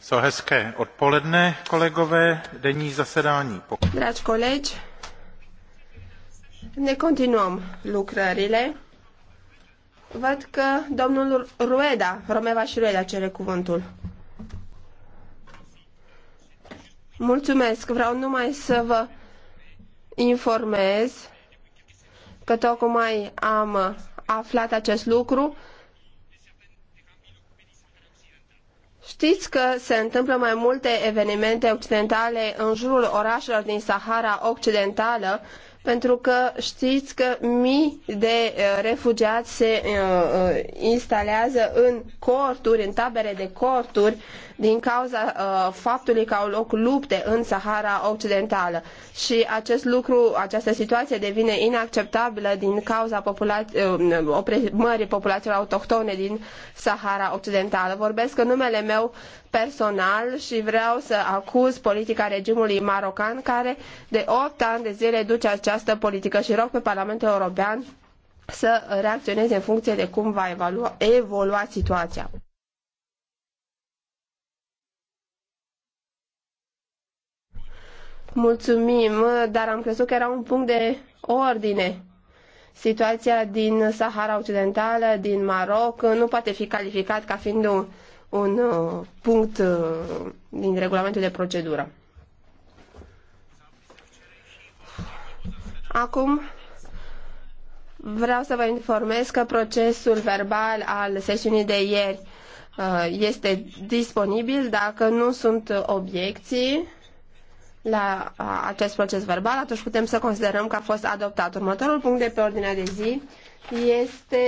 So hezké odpoledne, kolegové, denní zasedání. Dragi colegi, ne continuăm lucrările. Văd că domnul Rueda, Romeva și Rueda cere cuvântul. Mulțumesc, vreau numai să vă informez că tocmai am aflat acest lucru. Știți că se întâmplă mai multe evenimente occidentale în jurul orașelor din Sahara Occidentală pentru că știți că mii de uh, refugiați se uh, uh, instalează în corturi, în tabere de corturi, din cauza faptului că au loc lupte în Sahara Occidentală. Și acest lucru, această situație devine inacceptabilă din cauza popula- oprimării populațiilor autohtone din Sahara Occidentală. Vorbesc în numele meu personal și vreau să acuz politica regimului marocan care de opt ani de zile duce această această politică și rog pe Parlamentul European să reacționeze în funcție de cum va evalua, evolua situația. Mulțumim, dar am crezut că era un punct de ordine. Situația din Sahara Occidentală, din Maroc, nu poate fi calificat ca fiind un, un uh, punct uh, din regulamentul de procedură. Acum vreau să vă informez că procesul verbal al sesiunii de ieri uh, este disponibil dacă nu sunt obiecții la uh, acest proces verbal, atunci putem să considerăm că a fost adoptat. Următorul punct de pe ordinea de zi este